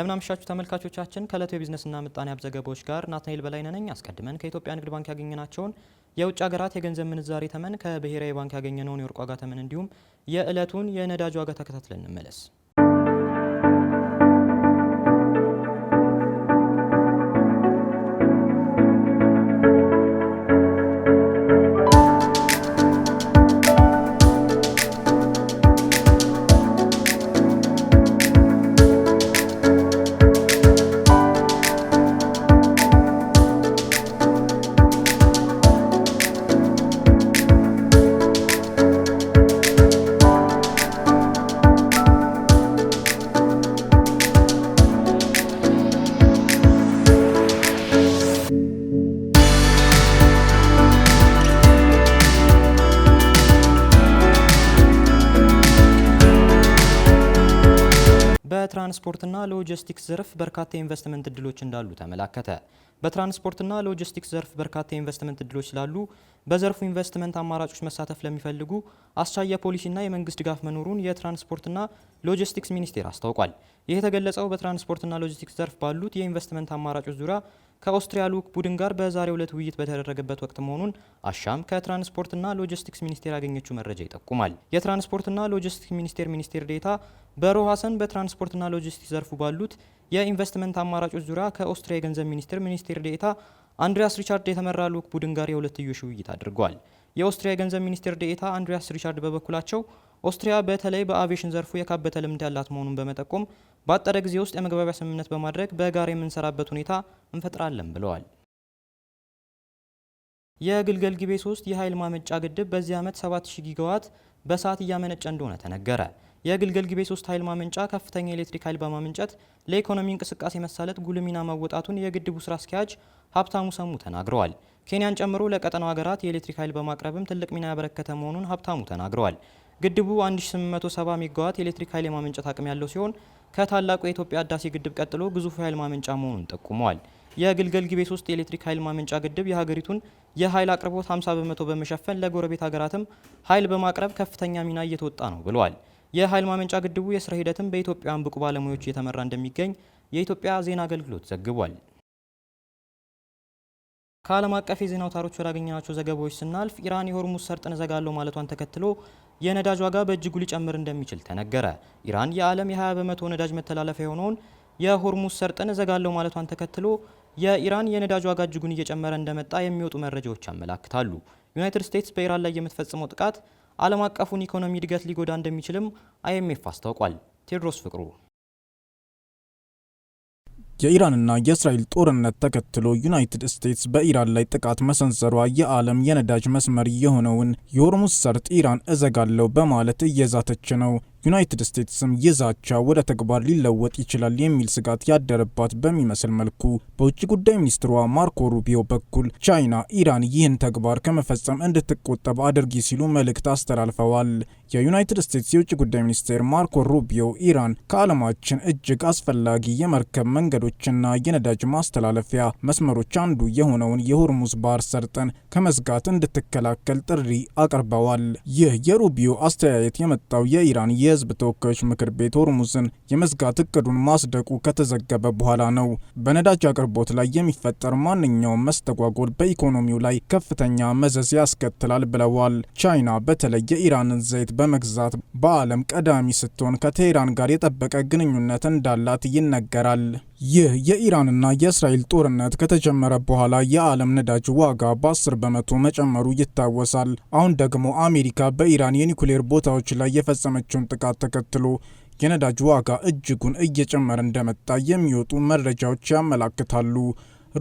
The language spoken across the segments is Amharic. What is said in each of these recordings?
እንደምናመሻችሁ ተመልካቾቻችን ከእለቱ የቢዝነስና ምጣኔ ሀብት ዘገባዎች ጋር ናትናኤል በላይ ነኝ። አስቀድመን ከኢትዮጵያ ንግድ ባንክ ያገኘናቸውን የውጭ ሀገራት የገንዘብ ምንዛሬ ተመን፣ ከብሔራዊ ባንክ ያገኘነውን የወርቅ ዋጋ ተመን እንዲሁም የእለቱን የነዳጅ ዋጋ ተከታትለን እንመለስ። በትራንስፖርትና ሎጂስቲክስ ዘርፍ በርካታ የኢንቨስትመንት እድሎች እንዳሉ ተመላከተ። በትራንስፖርትና ሎጂስቲክስ ዘርፍ በርካታ የኢንቨስትመንት እድሎች ስላሉ በዘርፉ ኢንቨስትመንት አማራጮች መሳተፍ ለሚፈልጉ አስቻይ የፖሊሲና የመንግስት ድጋፍ መኖሩን የትራንስፖርትና ሎጂስቲክስ ሚኒስቴር አስታውቋል። ይህ የተገለጸው በትራንስፖርትና ሎጂስቲክስ ዘርፍ ባሉት የኢንቨስትመንት አማራጮች ዙሪያ ከኦስትሪያ ልዑክ ቡድን ጋር በዛሬው ዕለት ውይይት በተደረገበት ወቅት መሆኑን አሻም ከትራንስፖርትና ሎጂስቲክስ ሚኒስቴር ያገኘችው መረጃ ይጠቁማል። የትራንስፖርትና ሎጂስቲክስ ሚኒስቴር ሚኒስቴር ዴታ በሮ ሀሰን በትራንስፖርትና ሎጂስቲክስ ዘርፉ ባሉት የኢንቨስትመንት አማራጮች ዙሪያ ከኦስትሪያ የገንዘብ ሚኒስቴር ሚኒስቴር ዴታ አንድሪያስ ሪቻርድ የተመራ ልዑክ ቡድን ጋር የሁለትዮሽ ውይይት አድርጓል። የኦስትሪያ የገንዘብ ሚኒስቴር ዴኤታ አንድሪያስ ሪቻርድ በበኩላቸው ኦስትሪያ በተለይ በአቪዬሽን ዘርፉ የካበተ ልምድ ያላት መሆኑን በመጠቆም በአጠረ ጊዜ ውስጥ የመግባቢያ ስምምነት በማድረግ በጋራ የምንሰራበት ሁኔታ እንፈጥራለን ብለዋል። የግልገል ጊቤ 3 የኃይል ማመንጫ ግድብ በዚህ ዓመት 7000 ጊጋዋት በሰዓት እያመነጨ እንደሆነ ተነገረ። የግልገል ጊቤ 3 ኃይል ማመንጫ ከፍተኛ የኤሌክትሪክ ኃይል በማመንጨት ለኢኮኖሚ እንቅስቃሴ መሳለጥ ጉልህ ሚና መወጣቱን የግድቡ ስራ አስኪያጅ ሀብታሙ ሰሙ ተናግረዋል። ኬንያን ጨምሮ ለቀጠናው ሀገራት የኤሌክትሪክ ኃይል በማቅረብም ትልቅ ሚና ያበረከተ መሆኑን ሀብታሙ ተናግረዋል። ግድቡ 1870 ሜጋዋት የኤሌክትሪክ ኃይል የማመንጨት አቅም ያለው ሲሆን ከታላቁ የኢትዮጵያ ህዳሴ ግድብ ቀጥሎ ግዙፍ ኃይል ማመንጫ መሆኑን ጠቁመዋል። የግልገል ጊቤ 3 የኤሌክትሪክ ኃይል ማመንጫ ግድብ የሀገሪቱን የኃይል አቅርቦት 50 በመቶ በመሸፈን ለጎረቤት ሀገራትም ኃይል በማቅረብ ከፍተኛ ሚና እየተወጣ ነው ብለዋል። የኃይል ማመንጫ ግድቡ የስራ ሂደትም በኢትዮጵያውያን ብቁ ባለሙያዎች እየተመራ እንደሚገኝ የኢትዮጵያ ዜና አገልግሎት ዘግቧል። ከዓለም አቀፍ የዜና አውታሮች ወዳገኘናቸው ዘገባዎች ስናልፍ ኢራን የሆርሙዝ ሰርጥን እዘጋለሁ ማለቷን ተከትሎ የነዳጅ ዋጋ በእጅጉ ሊጨምር እንደሚችል ተነገረ። ኢራን የዓለም የ20 በመቶ ነዳጅ መተላለፊያ የሆነውን የሆርሙዝ ሰርጥን እዘጋለሁ ማለቷን ተከትሎ የኢራን የነዳጅ ዋጋ እጅጉን እየጨመረ እንደመጣ የሚወጡ መረጃዎች ያመላክታሉ። ዩናይትድ ስቴትስ በኢራን ላይ የምትፈጽመው ጥቃት ዓለም አቀፉን ኢኮኖሚ እድገት ሊጎዳ እንደሚችልም አይኤምኤፍ አስታውቋል። ቴዎድሮስ ፍቅሩ የኢራንና የእስራኤል ጦርነት ተከትሎ ዩናይትድ ስቴትስ በኢራን ላይ ጥቃት መሰንዘሯ የዓለም የነዳጅ መስመር የሆነውን የሆርሙዝ ሰርጥ ኢራን እዘጋለሁ በማለት እየዛተች ነው። ዩናይትድ ስቴትስም ይዛቻ ወደ ተግባር ሊለወጥ ይችላል የሚል ስጋት ያደረባት በሚመስል መልኩ በውጭ ጉዳይ ሚኒስትሯ ማርኮ ሩቢዮ በኩል ቻይና ኢራን ይህን ተግባር ከመፈጸም እንድትቆጠብ አድርጊ ሲሉ መልእክት አስተላልፈዋል። የዩናይትድ ስቴትስ የውጭ ጉዳይ ሚኒስቴር ማርኮ ሩቢዮ ኢራን ከዓለማችን እጅግ አስፈላጊ የመርከብ መንገዶችና የነዳጅ ማስተላለፊያ መስመሮች አንዱ የሆነውን የሆርሙዝ ባህር ሰርጠን ከመዝጋት እንድትከላከል ጥሪ አቅርበዋል። ይህ የሩቢዮ አስተያየት የመጣው የኢራን የሕዝብ ተወካዮች ምክር ቤት ሆርሙዝን የመዝጋት እቅዱን ማስደቁ ከተዘገበ በኋላ ነው። በነዳጅ አቅርቦት ላይ የሚፈጠር ማንኛውም መስተጓጎል በኢኮኖሚው ላይ ከፍተኛ መዘዝ ያስከትላል ብለዋል። ቻይና በተለይ የኢራንን ዘይት በመግዛት በዓለም ቀዳሚ ስትሆን ከቴህራን ጋር የጠበቀ ግንኙነት እንዳላት ይነገራል። ይህ የኢራንና የእስራኤል ጦርነት ከተጀመረ በኋላ የዓለም ነዳጅ ዋጋ በ10 በመቶ መጨመሩ ይታወሳል። አሁን ደግሞ አሜሪካ በኢራን የኒውክሌር ቦታዎች ላይ የፈጸመችውን ጥቃት ተከትሎ የነዳጅ ዋጋ እጅጉን እየጨመረ እንደመጣ የሚወጡ መረጃዎች ያመላክታሉ።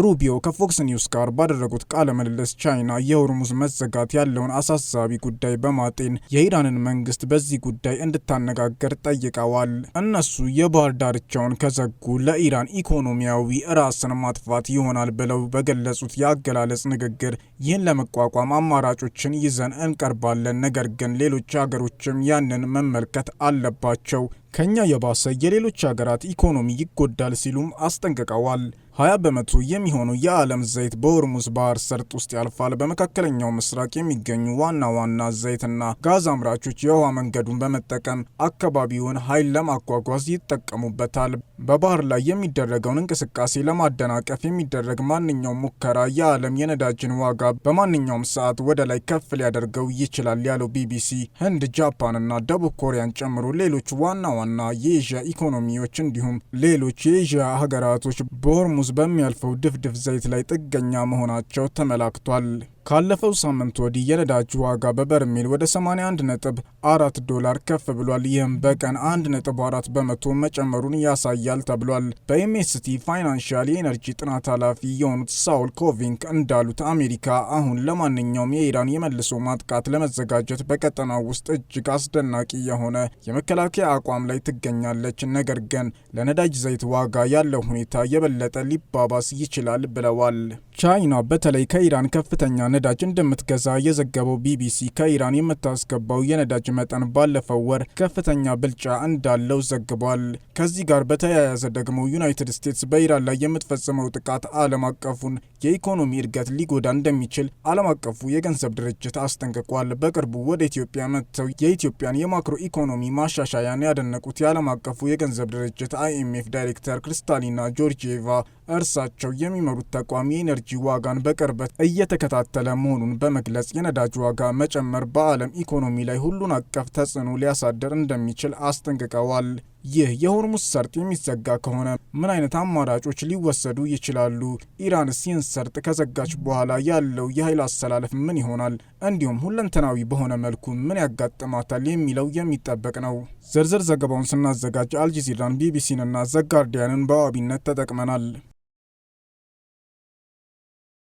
ሩቢዮ ከፎክስ ኒውስ ጋር ባደረጉት ቃለ ምልልስ ቻይና የሆርሙዝ መዘጋት ያለውን አሳሳቢ ጉዳይ በማጤን የኢራንን መንግስት በዚህ ጉዳይ እንድታነጋገር ጠይቀዋል። እነሱ የባህር ዳርቻውን ከዘጉ ለኢራን ኢኮኖሚያዊ ራስን ማጥፋት ይሆናል ብለው በገለጹት የአገላለጽ ንግግር ይህን ለመቋቋም አማራጮችን ይዘን እንቀርባለን፣ ነገር ግን ሌሎች ሀገሮችም ያንን መመልከት አለባቸው ከኛ የባሰ የሌሎች ሀገራት ኢኮኖሚ ይጎዳል ሲሉም አስጠንቅቀዋል። 20 በመቶ የሚሆኑ የዓለም ዘይት በሆርሙዝ ባህር ሰርጥ ውስጥ ያልፋል። በመካከለኛው ምስራቅ የሚገኙ ዋና ዋና ዘይትና ጋዝ አምራቾች የውሃ መንገዱን በመጠቀም አካባቢውን ኃይል ለማጓጓዝ ይጠቀሙበታል። በባህር ላይ የሚደረገውን እንቅስቃሴ ለማደናቀፍ የሚደረግ ማንኛውም ሙከራ የዓለም የነዳጅን ዋጋ በማንኛውም ሰዓት ወደ ላይ ከፍ ሊያደርገው ይችላል ያለው ቢቢሲ ህንድ፣ ጃፓንና ደቡብ ኮሪያን ጨምሮ ሌሎች ዋና ዋና የኤዥያ ኢኮኖሚዎች እንዲሁም ሌሎች የኤዥያ ሀገራቶች በሆርሙዝ በሚያልፈው ድፍድፍ ዘይት ላይ ጥገኛ መሆናቸው ተመላክቷል። ካለፈው ሳምንት ወዲህ የነዳጅ ዋጋ በበርሜል ወደ 81 ነጥብ አራት ዶላር ከፍ ብሏል። ይህም በቀን 1 ነጥብ 4 በመቶ መጨመሩን ያሳያል ተብሏል። በኤምኤስቲ ፋይናንሻል የኤነርጂ ጥናት ኃላፊ የሆኑት ሳውል ኮቪንክ እንዳሉት አሜሪካ አሁን ለማንኛውም የኢራን የመልሶ ማጥቃት ለመዘጋጀት በቀጠናው ውስጥ እጅግ አስደናቂ የሆነ የመከላከያ አቋም ላይ ትገኛለች። ነገር ግን ለነዳጅ ዘይት ዋጋ ያለው ሁኔታ የበለጠ ሊባባስ ይችላል ብለዋል። ቻይና በተለይ ከኢራን ከፍተኛ ነዳጅ እንደምትገዛ የዘገበው ቢቢሲ ከኢራን የምታስገባው የነዳጅ መጠን ባለፈው ወር ከፍተኛ ብልጫ እንዳለው ዘግቧል። ከዚህ ጋር በተያያዘ ደግሞ ዩናይትድ ስቴትስ በኢራን ላይ የምትፈጽመው ጥቃት ዓለም አቀፉን የኢኮኖሚ እድገት ሊጎዳ እንደሚችል ዓለም አቀፉ የገንዘብ ድርጅት አስጠንቅቋል። በቅርቡ ወደ ኢትዮጵያ መጥተው የኢትዮጵያን የማክሮ ኢኮኖሚ ማሻሻያን ያደነቁት የዓለም አቀፉ የገንዘብ ድርጅት አይኤምኤፍ ዳይሬክተር ክሪስታሊና ጆርጂዬቫ እርሳቸው የሚመሩት ተቋም የኢነርጂ ዋጋን በቅርበት እየተከታተለ እያሽቆለቆለ መሆኑን በመግለጽ የነዳጅ ዋጋ መጨመር በዓለም ኢኮኖሚ ላይ ሁሉን አቀፍ ተጽዕኖ ሊያሳድር እንደሚችል አስጠንቅቀዋል። ይህ የሆርሙስ ሰርጥ የሚዘጋ ከሆነ ምን አይነት አማራጮች ሊወሰዱ ይችላሉ? ኢራን ሲን ሰርጥ ከዘጋች በኋላ ያለው የኃይል አሰላለፍ ምን ይሆናል? እንዲሁም ሁለንተናዊ በሆነ መልኩ ምን ያጋጥማታል የሚለው የሚጠበቅ ነው። ዝርዝር ዘገባውን ስናዘጋጅ አልጀዚራን፣ ቢቢሲንና ዘጋርዲያንን በዋቢነት ተጠቅመናል።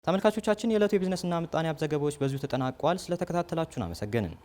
ተመልካቾቻችን የዕለቱ የቢዝነስና ምጣኔ ሀብት ዘገባዎች በዚሁ ተጠናቋል። ስለተከታተላችሁን አመሰገንን።